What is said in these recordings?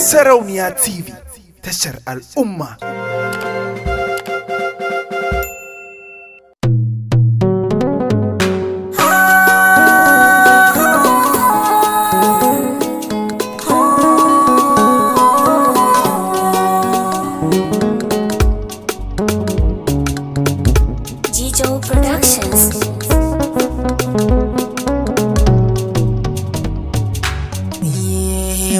Sarauniya TV tashar al'umma. Production.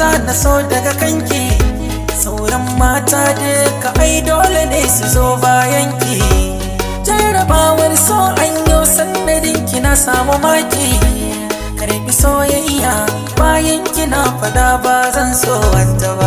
maza na so daga kanki sauran mata duka ai dole ne su zo bayanki jarabawar so an yi sannadin kina samu maki karbi soyayya bayan kina fada ba zan so wanda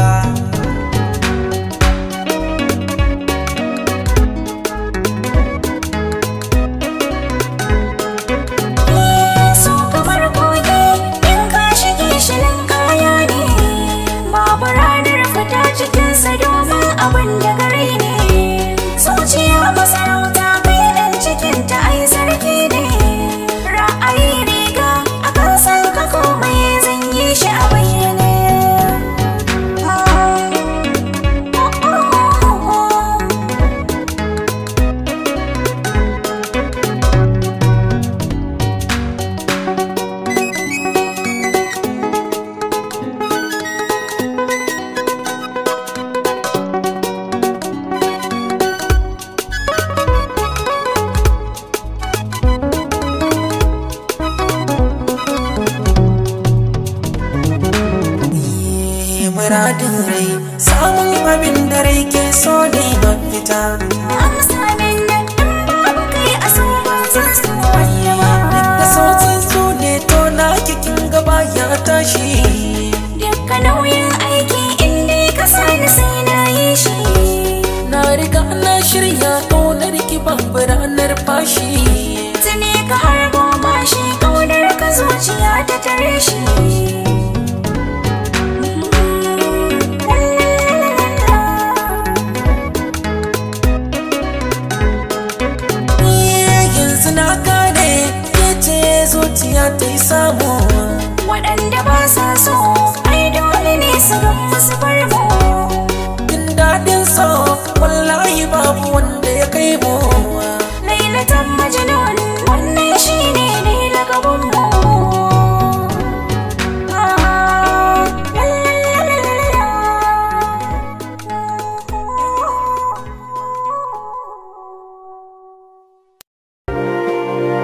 samun abin da rai ke so ne mafita amsa min nan babu kai a so da sautin su ne to na gaba ya tashi dukkan nauyin aiki in dai ka sani sai na yi shi na riga na shirya to na riki fashi tuni ka har